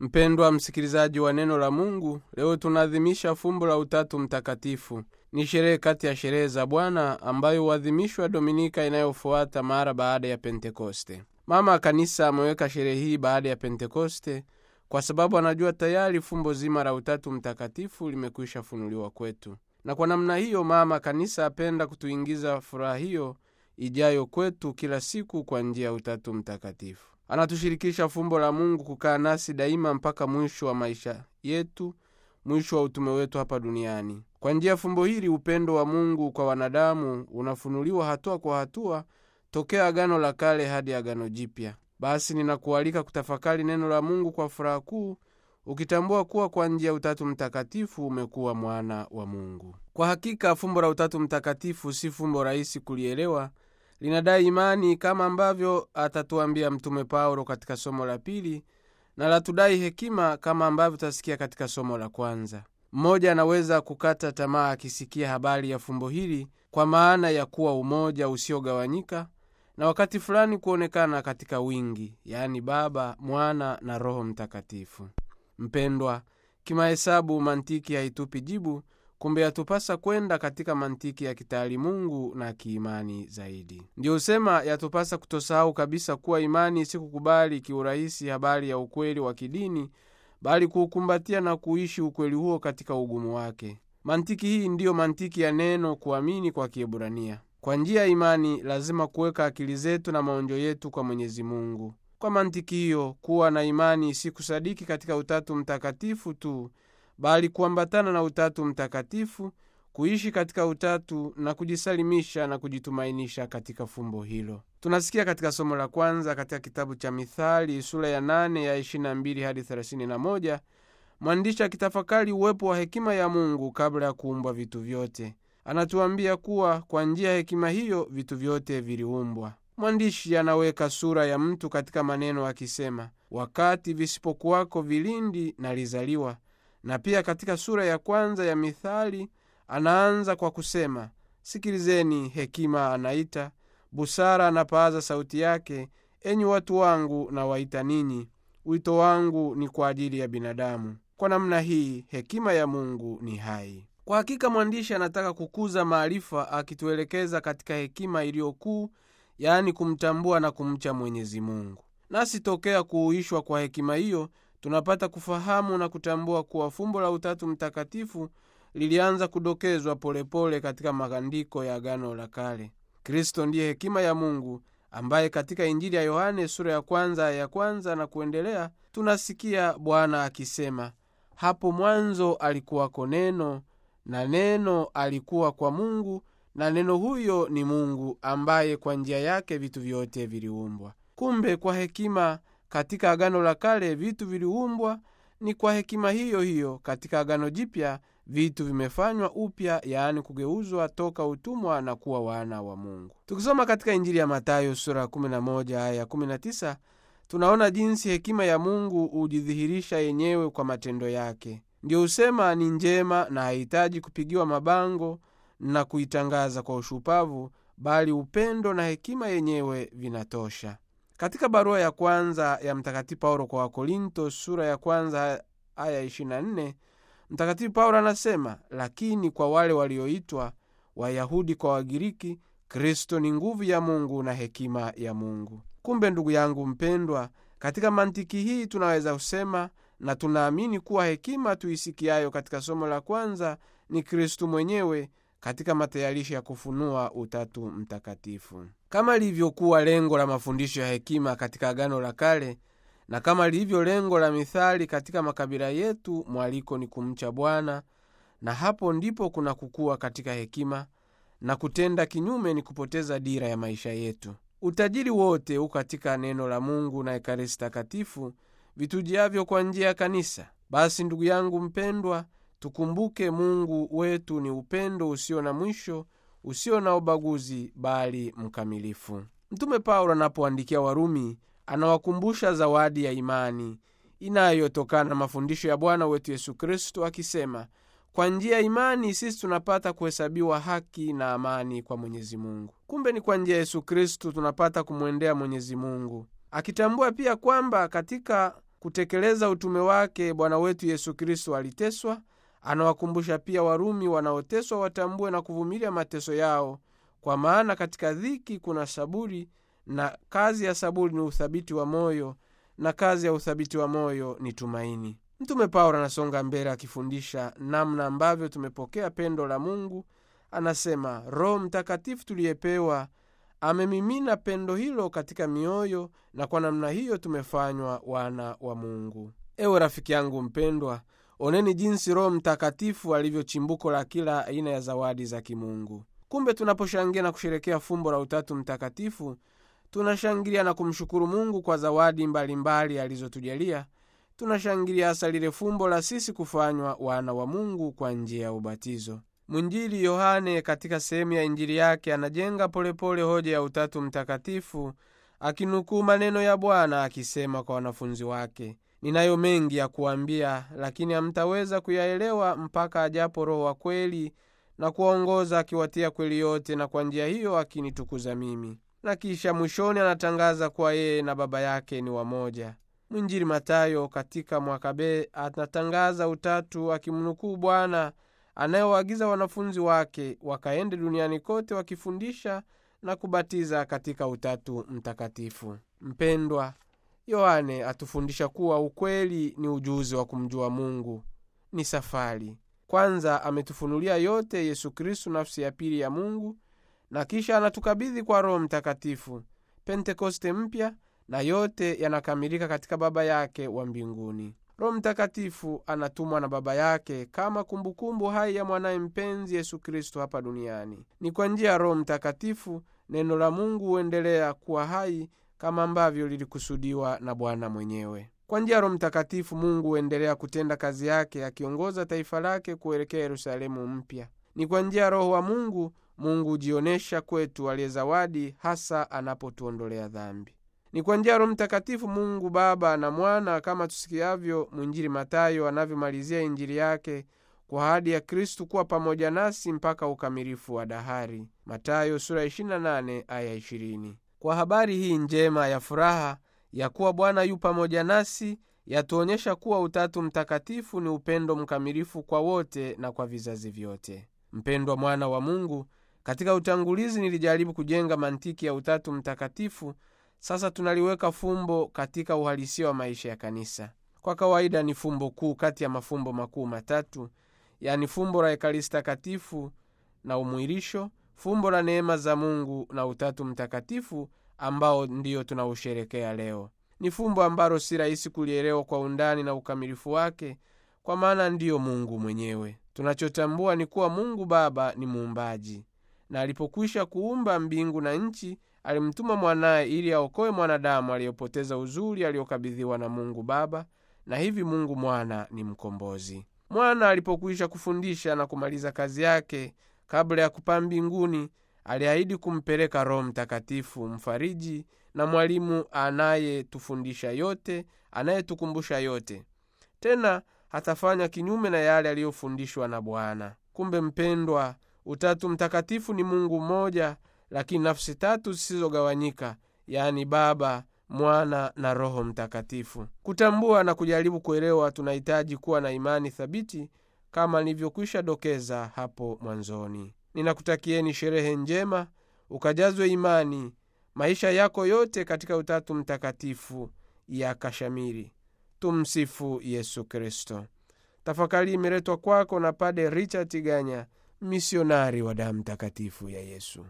Mpendwa msikilizaji wa neno la Mungu, leo tunaadhimisha fumbo la Utatu Mtakatifu. Ni sherehe kati ya sherehe za Bwana ambayo huadhimishwa Dominika inayofuata mara baada ya Pentekoste. Mama Kanisa ameweka sherehe hii baada ya Pentekoste kwa sababu anajua tayari fumbo zima la Utatu Mtakatifu limekwisha funuliwa kwetu, na kwa namna hiyo Mama Kanisa apenda kutuingiza furaha hiyo ijayo kwetu kila siku kwa njia ya Utatu Mtakatifu. Anatushirikisha fumbo la Mungu kukaa nasi daima mpaka mwisho wa maisha yetu, mwisho wa utume wetu hapa duniani. Kwa njia fumbo hili, upendo wa Mungu kwa wanadamu unafunuliwa hatua kwa hatua tokea Agano la Kale hadi Agano Jipya. Basi ninakualika kutafakari neno la Mungu kwa furaha kuu, ukitambua kuwa kwa njia Utatu Mtakatifu umekuwa mwana wa Mungu. Kwa hakika fumbo la Utatu Mtakatifu si fumbo rahisi kulielewa, linadai imani kama ambavyo atatuambia Mtume Paulo katika somo la pili, na latudai hekima kama ambavyo tutasikia katika somo la kwanza. Mmoja anaweza kukata tamaa akisikia habari ya fumbo hili, kwa maana ya kuwa umoja usiogawanyika na wakati fulani kuonekana katika wingi, yaani Baba, Mwana na Roho Mtakatifu. Mpendwa, kimahesabu mantiki haitupi jibu Kumbe yatupasa kwenda katika mantiki ya kitaalimungu na kiimani zaidi. Ndiyo usema yatupasa kutosahau kabisa kuwa imani si kukubali kiurahisi habari ya ukweli wa kidini, bali kuukumbatia na kuishi ukweli huo katika ugumu wake. Mantiki hii ndiyo mantiki ya neno kuamini kwa Kiebrania. Kwa njia ya imani lazima kuweka akili zetu na maonjo yetu kwa Mwenyezi Mungu. Kwa mantiki hiyo, kuwa na imani si kusadiki katika Utatu Mtakatifu tu bali kuambatana na Utatu Mtakatifu, kuishi katika Utatu na kujisalimisha na kujitumainisha katika fumbo hilo. Tunasikia katika somo la kwanza katika kitabu cha Mithali sura ya 8 ya 22 hadi 31, mwandishi akitafakari uwepo wa hekima ya Mungu kabla ya kuumbwa vitu vyote. Anatuambia kuwa kwa njia ya hekima hiyo vitu vyote viliumbwa. Mwandishi anaweka sura ya mtu katika maneno akisema, wakati visipokuwako vilindi nalizaliwa, na pia katika sura ya kwanza ya Mithali anaanza kwa kusema, sikilizeni, hekima anaita, busara anapaaza sauti yake, enyi watu wangu na waita ninyi, wito wangu ni kwa ajili ya binadamu. Kwa namna hii hekima ya Mungu ni hai. Kwa hakika mwandishi anataka kukuza maarifa, akituelekeza katika hekima iliyokuu, yaani kumtambua na kumcha Mwenyezi Mungu, nasi tokea kuuishwa kwa hekima hiyo tunapata kufahamu na kutambua kuwa fumbo la Utatu Mtakatifu lilianza kudokezwa polepole katika maandiko ya Agano la Kale. Kristo ndiye hekima ya Mungu ambaye katika Injili ya Yohane sura ya kwanza ya kwanza na kuendelea tunasikia Bwana akisema, hapo mwanzo alikuwako neno na neno alikuwa kwa Mungu na neno huyo ni Mungu, ambaye kwa njia yake vitu vyote viliumbwa. Kumbe kwa hekima katika Agano la Kale vitu viliumbwa, ni kwa hekima hiyo hiyo katika Agano Jipya vitu vimefanywa upya, yaani kugeuzwa toka utumwa na kuwa wana wa Mungu. Tukisoma katika Injili ya Matayo sura 11 aya 19 tunaona jinsi hekima ya Mungu hujidhihirisha yenyewe kwa matendo yake. ndio husema ni njema na hahitaji kupigiwa mabango na kuitangaza kwa ushupavu, bali upendo na hekima yenyewe vinatosha. Katika barua ya kwanza ya Mtakatifu Paulo kwa Wakorinto sura ya kwanza aya 24, Mtakatifu Paulo anasema, lakini kwa wale walioitwa, Wayahudi kwa Wagiriki, Kristo ni nguvu ya Mungu na hekima ya Mungu. Kumbe ndugu yangu mpendwa, katika mantiki hii tunaweza kusema na tunaamini kuwa hekima tuisikiayo katika somo la kwanza ni Kristu mwenyewe katika matayarisho ya kufunua Utatu Mtakatifu kama lilivyokuwa lengo la mafundisho ya hekima katika Agano la Kale na kama lilivyo lengo la mithali katika makabila yetu, mwaliko ni kumcha Bwana, na hapo ndipo kuna kukua katika hekima, na kutenda kinyume ni kupoteza dira ya maisha yetu. Utajiri wote u katika neno la Mungu na Ekaristi Takatifu vitujavyo kwa njia ya kanisa. Basi ndugu yangu mpendwa, tukumbuke Mungu wetu ni upendo usio na mwisho usio na ubaguzi bali mkamilifu. Mtume Paulo anapoandikia Warumi anawakumbusha zawadi ya imani inayotokana na mafundisho ya Bwana wetu Yesu Kristu akisema, kwa njia ya imani sisi tunapata kuhesabiwa haki na amani kwa Mwenyezi Mungu. Kumbe ni kwa njia ya Yesu Kristu tunapata kumwendea Mwenyezi Mungu, akitambua pia kwamba katika kutekeleza utume wake Bwana wetu Yesu Kristu aliteswa Anawakumbusha pia Warumi wanaoteswa watambue na kuvumilia mateso yao, kwa maana katika dhiki kuna saburi, na kazi ya saburi ni uthabiti wa moyo, na kazi ya uthabiti wa moyo ni tumaini. Mtume Paulo anasonga mbele akifundisha namna ambavyo tumepokea pendo la Mungu. Anasema Roho Mtakatifu tuliyepewa amemimina pendo hilo katika mioyo, na kwa namna hiyo tumefanywa wana wa Mungu. Ewe rafiki yangu mpendwa, Oneni jinsi Roho Mtakatifu alivyo chimbuko la kila aina ya zawadi za kimungu. Kumbe tunaposhangilia na kusherekea fumbo la Utatu Mtakatifu, tunashangilia na kumshukuru Mungu kwa zawadi mbalimbali alizotujalia. Tunashangilia hasa lile fumbo la sisi kufanywa wana wa Mungu kwa njia ya ubatizo. Mwinjili Yohane katika sehemu ya Injili yake anajenga polepole hoja ya Utatu Mtakatifu akinukuu maneno ya Bwana akisema kwa wanafunzi wake Ninayo mengi ya kuwambia, lakini hamtaweza kuyaelewa mpaka ajapo Roho wa kweli na kuwaongoza akiwatia kweli yote, na kwa njia hiyo akinitukuza mimi. Na kisha mwishoni anatangaza kuwa yeye na Baba yake ni wamoja. Mwinjiri Matayo katika mwaka B anatangaza utatu akimnukuu Bwana anayewaagiza wanafunzi wake wakaende duniani kote wakifundisha na kubatiza katika Utatu Mtakatifu. Mpendwa, Yohane atufundisha kuwa ukweli ni ujuzi wa kumjua Mungu, ni safari. Kwanza ametufunulia yote Yesu Kristu, nafsi ya pili ya Mungu, na kisha anatukabidhi kwa Roho Mtakatifu, Pentekoste mpya, na yote yanakamilika katika Baba yake wa mbinguni. Roho Mtakatifu anatumwa na Baba yake kama kumbukumbu hai ya mwanaye mpenzi Yesu kristu hapa duniani. Ni kwa njia ya Roho Mtakatifu neno la Mungu huendelea kuwa hai kama ambavyo lilikusudiwa na Bwana mwenyewe. Kwa njia Roho Mtakatifu, Mungu huendelea kutenda kazi yake, akiongoza taifa lake kuelekea Yerusalemu mpya. Ni kwa njia Roho wa Mungu, Mungu hujionyesha kwetu, aliye zawadi, hasa anapotuondolea dhambi. Ni kwa njia Roho Mtakatifu, Mungu Baba na Mwana, kama tusikiavyo mwinjili Matayo anavyomalizia injili yake kwa ahadi ya Kristu kuwa pamoja nasi mpaka ukamilifu wa dahari. Matayo sura 28 aya 20 kwa habari hii njema ya furaha ya kuwa Bwana yu pamoja nasi yatuonyesha kuwa Utatu Mtakatifu ni upendo mkamilifu kwa wote na kwa vizazi vyote. Mpendwa mwana wa Mungu, katika utangulizi nilijaribu kujenga mantiki ya Utatu Mtakatifu. Sasa tunaliweka fumbo katika uhalisia wa maisha ya kanisa. Kwa kawaida ni fumbo kuu kati ya mafumbo makuu matatu, yani fumbo la Ekaristi Takatifu na umwilisho fumbo la neema za Mungu na Utatu Mtakatifu ambao ndiyo tunausherekea leo. Ni fumbo ambalo si rahisi kulielewa kwa undani na ukamilifu wake, kwa maana ndiyo Mungu mwenyewe. Tunachotambua ni kuwa Mungu Baba ni muumbaji, na alipokwisha kuumba mbingu na nchi, alimtuma mwanaye ili aokoe mwanadamu aliyopoteza uzuri aliyokabidhiwa na Mungu Baba, na hivi Mungu Mwana ni mkombozi. Mwana alipokwisha kufundisha na kumaliza kazi yake, kabla ya kupaa mbinguni aliahidi kumpeleka Roho Mtakatifu, mfariji na mwalimu anayetufundisha yote, anayetukumbusha yote. Tena hatafanya kinyume na yale aliyofundishwa na Bwana. Kumbe mpendwa, Utatu Mtakatifu ni Mungu mmoja, lakini nafsi tatu zisizogawanyika, yaani Baba, Mwana na Roho Mtakatifu. Kutambua na kujaribu kuelewa, tunahitaji kuwa na imani thabiti kama nilivyokwisha dokeza hapo mwanzoni. Ninakutakieni sherehe njema, ukajazwe imani, maisha yako yote katika Utatu Mtakatifu ya kashamiri. Tumsifu Yesu Kristo. Tafakari imeletwa kwako na Pade Richard Ganya, misionari wa damu takatifu ya Yesu.